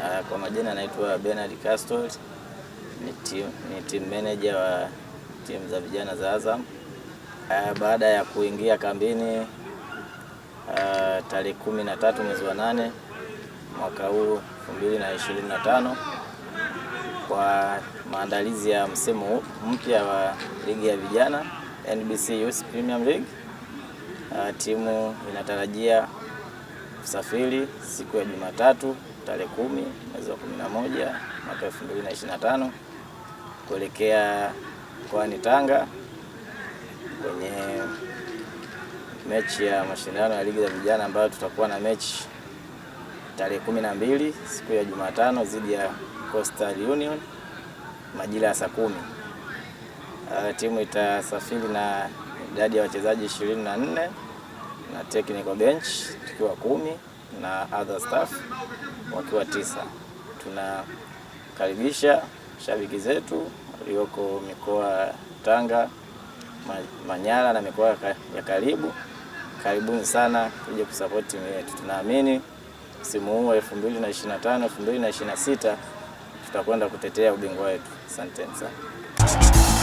Uh, kwa majina anaitwa Bernard Castold, ni team, ni team manager wa timu za vijana za Azam. Uh, baada ya kuingia kambini uh, tarehe kumi na tatu mwezi wa nane mwaka huu 2025 kwa maandalizi ya msimu mpya wa ligi ya vijana NBC Youth Premium League. Timu inatarajia kusafiri siku ya Jumatatu tarehe kumi mwezi wa kumi na moja mwaka elfu mbili na ishirini na tano kuelekea mkoani Tanga kwenye mechi ya mashindano ya ligi za vijana ambayo tutakuwa na mechi tarehe kumi na mbili siku ya Jumatano dhidi ya Coastal Union majira ya saa kumi. Uh, timu itasafiri na idadi ya wachezaji ishirini na nne na technical bench tukiwa kumi na other staff wakiwa tisa. Tunakaribisha shabiki zetu walioko mikoa Tanga, Manyara na mikoa ya karibu. Karibuni sana kuja kusupport timu yetu. Tunaamini msimu huu wa 2025 2026 tutakwenda kutetea ubingwa wetu. Asanteni sana.